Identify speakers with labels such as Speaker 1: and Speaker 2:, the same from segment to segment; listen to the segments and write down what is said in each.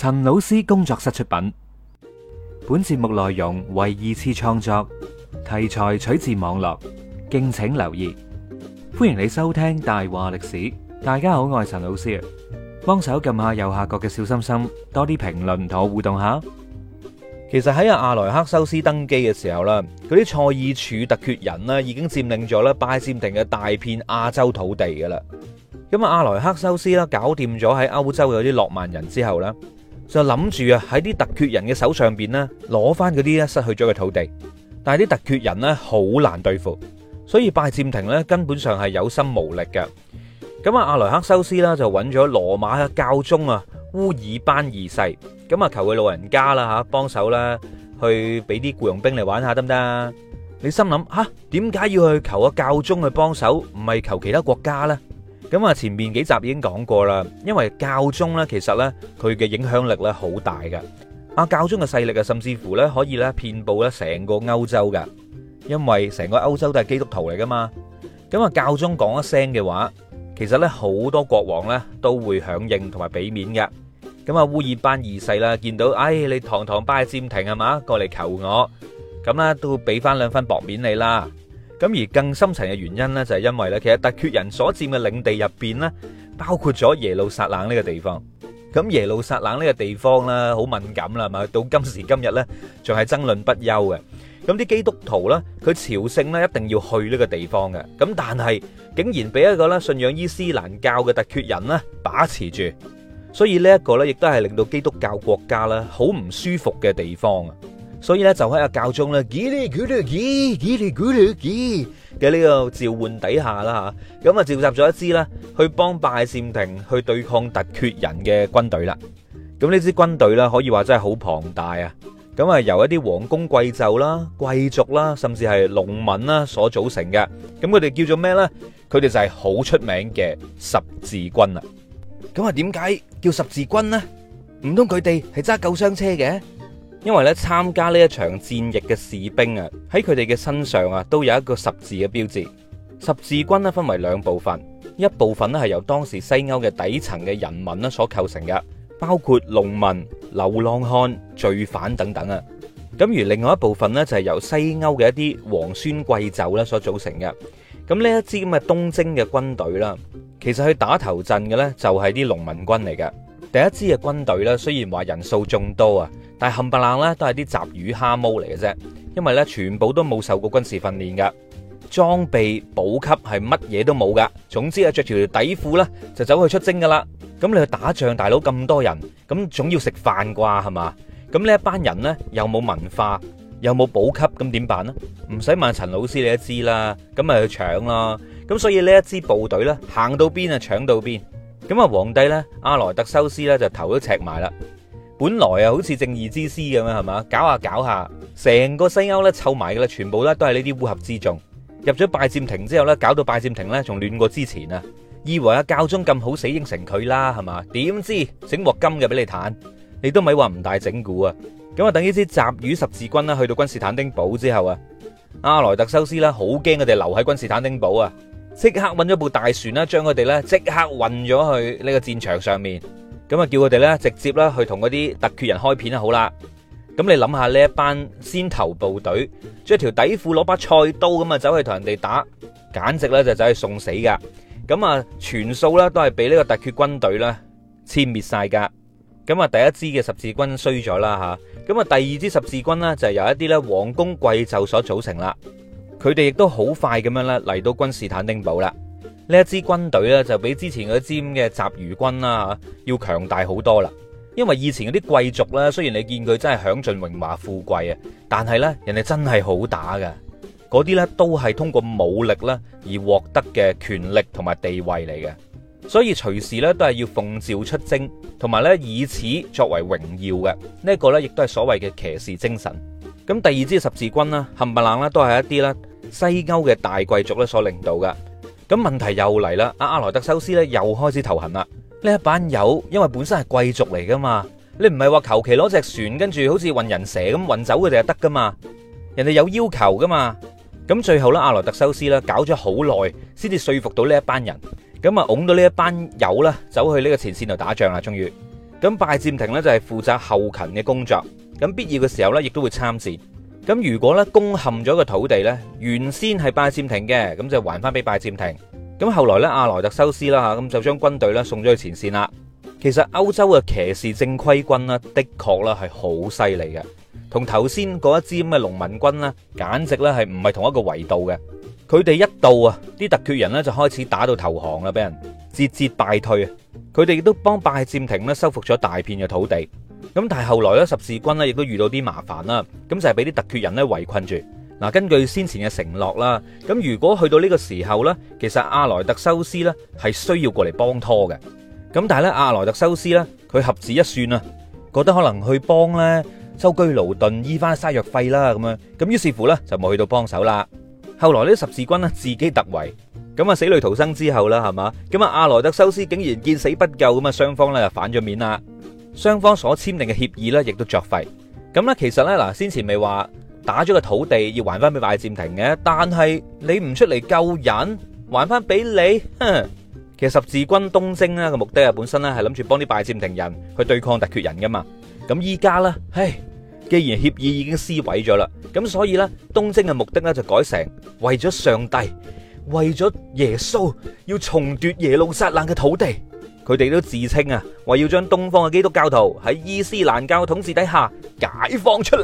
Speaker 1: 陳老師工作室出品，本節目內容為二次創作，題材取自網絡，敬請留意。歡迎你收聽大話歷史。大家好，我係陳老師，幫手撳下右下角嘅小心心，多啲評論同我互動下。其實喺阿阿萊克修斯登基嘅時候呢嗰啲塞爾柱突厥人已經佔領咗拜占庭嘅大片亞洲土地噶啦。咁阿阿萊克修斯啦搞掂咗喺歐洲有啲諾曼人之後就諗住啊，喺啲特厥人嘅手上邊咧，攞翻嗰啲咧失去咗嘅土地。但係啲特厥人咧好難對付，所以拜占庭咧根本上係有心無力嘅。咁啊，阿萊克修斯啦就揾咗羅馬嘅教宗啊烏爾班二世，咁啊求佢老人家啦吓，幫手啦，去俾啲雇傭兵嚟玩下得唔得？你心諗吓，點解要去求個教宗去幫手？唔係求其他國家咧。咁啊，前面幾集已經講過啦，因為教宗呢，其實呢佢嘅影響力呢好大㗎。啊，教宗嘅勢力啊，甚至乎呢可以呢遍佈呢成個歐洲㗎，因為成個歐洲都係基督徒嚟㗎嘛。咁啊，教宗講一聲嘅話，其實呢好多國王呢都會響應同埋俾面㗎。咁啊，烏爾班二世啦，見到，唉，你堂堂拜占庭係嘛，過嚟求我，咁啦，都俾翻兩分薄面你啦。咁而更深層嘅原因呢，就係因為呢，其實突厥人所佔嘅領地入邊呢，包括咗耶路撒冷呢個地方。咁耶路撒冷呢個地方咧，好敏感啦，係嘛？到今時今日呢，仲係爭論不休嘅。咁啲基督徒呢，佢朝聖呢，一定要去呢個地方嘅。咁但係，竟然俾一個呢信仰伊斯蘭教嘅突厥人呢把持住，所以呢一個呢，亦都係令到基督教國家咧好唔舒服嘅地方啊！所以咧就喺阿教宗咧，幾嚟幾嚟幾幾嚟幾嚟幾嘅呢個召喚底下啦嚇，咁啊召集咗一支啦，去幫拜占庭去對抗突厥人嘅軍隊啦。咁呢支軍隊咧可以話真係好龐大啊！咁啊由一啲王公貴胄啦、貴族啦，甚至係農民啦所組成嘅。咁佢哋叫做咩咧？佢哋就係好出名嘅十字軍啊！咁啊點解叫十字軍咧？唔通佢哋係揸救傷車嘅？因為咧參加呢一場戰役嘅士兵啊，喺佢哋嘅身上啊，都有一個十字嘅標誌。十字軍咧分為兩部分，一部分咧係由當時西歐嘅底層嘅人民咧所構成嘅，包括農民、流浪漢、罪犯等等啊。咁而另外一部分呢，就係由西歐嘅一啲皇孫貴族咧所組成嘅。咁呢一支咁嘅東征嘅軍隊啦，其實去打頭陣嘅呢，就係啲農民軍嚟嘅。第一支嘅軍隊咧，雖然話人數眾多啊，但係冚唪唥咧都係啲雜魚蝦毛嚟嘅啫，因為咧全部都冇受過軍事訓練嘅，裝備補給係乜嘢都冇噶。總之啊，着條底褲啦，就走去出征噶啦。咁你去打仗，大佬咁多人，咁總要食飯啩係嘛？咁呢一班人呢，又冇文化，又冇補給，咁點辦呢？唔使問陳老師你都知啦，咁咪去搶啦。咁所以呢一支部隊咧，行到邊啊搶到邊。咁啊，皇帝咧，阿萊特修斯咧就頭都赤埋啦。本來啊，好似正義之師咁樣係嘛，搞下搞下，成個西歐咧湊埋嘅咧，全部咧都係呢啲烏合之眾。入咗拜占庭之後咧，搞到拜占庭咧仲亂過之前啊。以為啊教宗咁好死，死應承佢啦係嘛？點知整鑊金嘅俾你彈，你都咪話唔大整蠱啊。咁啊，等於啲雜魚十字軍啦，去到君士坦丁堡之後啊，阿萊特修斯咧，好驚佢哋留喺君士坦丁堡啊。即刻揾咗部大船啦，將佢哋呢即刻運咗去呢個戰場上面。咁啊，叫佢哋呢直接啦去同嗰啲突厥人開片就好啦。咁你諗下呢一班先頭部隊着條底褲攞把菜刀咁啊，走去同人哋打，簡直呢就走去送死噶。咁啊，全數啦都係俾呢個突厥軍隊啦殲滅晒噶。咁啊，第一支嘅十字軍衰咗啦吓。咁啊，第二支十字軍呢，就係由一啲呢王公貴胄所組成啦。佢哋亦都好快咁樣咧嚟到君士坦丁堡啦！呢一支軍隊咧就比之前嗰支嘅雜魚軍啊要強大好多啦。因為以前嗰啲貴族咧，雖然你見佢真係享盡榮華富貴啊，但係咧人哋真係好打噶。嗰啲咧都係通過武力咧而獲得嘅權力同埋地位嚟嘅，所以隨時咧都係要奉召出征，同埋咧以此作為榮耀嘅。呢一個咧亦都係所謂嘅騎士精神。咁第二支十字軍啦，冚唪唥啦都係一啲啦，西歐嘅大貴族咧所領導噶，咁問題又嚟啦，阿阿萊特修斯咧又開始頭痕啦。呢一班友因為本身係貴族嚟噶嘛，你唔係話求其攞隻船跟住好似運人蛇咁運走佢哋就得噶嘛，人哋有要求噶嘛。咁最後咧，阿萊特修斯咧搞咗好耐，先至說服到呢一班人，咁啊，拱到呢一班友啦，走去呢個前線度打仗啦，終於。咁拜占庭咧就係負責後勤嘅工作，咁必要嘅時候咧亦都會參戰。咁如果呢攻陷咗個土地呢，原先係拜占庭嘅，咁就還翻俾拜占庭。咁後來呢，阿萊特修斯啦吓，咁就將軍隊呢送咗去前線啦。其實歐洲嘅騎士正規軍呢，的確呢係好犀利嘅，同頭先嗰一支咁嘅農民軍呢，簡直呢係唔係同一個維度嘅。佢哋一到啊，啲突厥人呢，就開始打到投降啦，俾人節節敗退啊。佢哋亦都幫拜占庭呢收復咗大片嘅土地。咁但係後來咧，十字軍咧亦都遇到啲麻煩啦，咁就係俾啲突厥人咧圍困住。嗱，根據先前嘅承諾啦，咁如果去到呢個時候咧，其實阿萊德修斯咧係需要過嚟幫拖嘅。咁但係咧，阿萊德修斯咧，佢合指一算啊，覺得可能去幫呢，收居勞頓，醫翻曬藥費啦，咁樣，咁於是乎咧就冇去到幫手啦。後來呢十字軍咧自己突圍，咁啊死裏逃生之後啦，係嘛，咁啊阿萊德修斯竟然見死不救，咁啊雙方咧就反咗面啦。雙方所簽訂嘅協議咧，亦都作廢。咁咧，其實咧嗱，先前咪話打咗個土地要還翻俾拜占庭嘅，但係你唔出嚟救人，還翻俾你，哼！其實十字軍東征咧嘅目的啊，本身咧係諗住幫啲拜占庭人去對抗突厥人噶嘛。咁依家咧，唉，既然協議已經撕毀咗啦，咁所以咧，東征嘅目的咧就改成為咗上帝，為咗耶穌，要重奪耶路撒冷嘅土地。佢哋都自稱啊，話要將東方嘅基督教徒喺伊斯蘭教統治底下解放出嚟。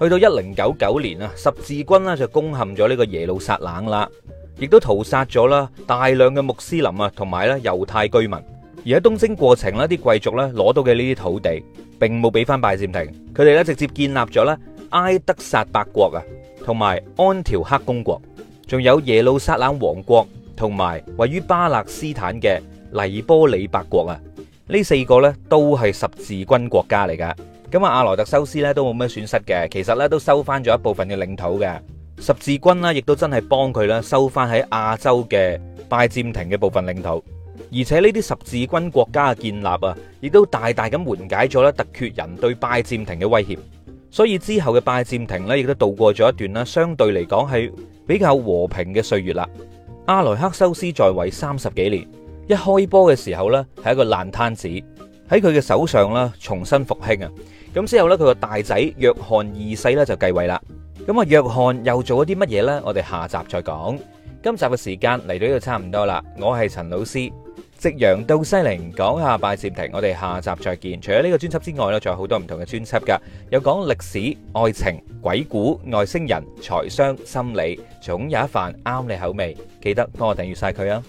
Speaker 1: 去到一零九九年啊，十字軍啦就攻陷咗呢個耶路撒冷啦，亦都屠殺咗啦大量嘅穆斯林啊，同埋咧猶太居民。而喺東征過程咧，啲貴族咧攞到嘅呢啲土地並冇俾返拜占庭，佢哋咧直接建立咗咧埃德薩伯國啊，同埋安條克公國，仲有耶路撒冷王國，同埋位於巴勒斯坦嘅黎波里八國啊，呢四個呢都係十字軍國家嚟噶。咁啊，阿萊克修斯呢都冇咩損失嘅，其實呢都收翻咗一部分嘅領土嘅。十字軍呢亦都真係幫佢啦收翻喺亞洲嘅拜占庭嘅部分領土。而且呢啲十字軍國家嘅建立啊，亦都大大咁緩解咗咧突厥人對拜占庭嘅威脅。所以之後嘅拜占庭呢，亦都度過咗一段啦相對嚟講係比較和平嘅歲月啦。阿萊克修斯在位三十幾年。一開波嘅時候呢係一個爛攤子，喺佢嘅手上啦，重新復興啊！咁之後呢佢個大仔約翰二世呢，就繼位啦。咁啊，約翰又做咗啲乜嘢呢？我哋下集再講。今集嘅時間嚟到呢度差唔多啦。我係陳老師，夕陽到西陵，講下拜占庭。我哋下集再見。除咗呢個專輯之外呢，仲有好多唔同嘅專輯噶，有講歷史、愛情、鬼故、外星人、財商、心理，總有一番啱你口味。記得幫我訂閱晒佢啊！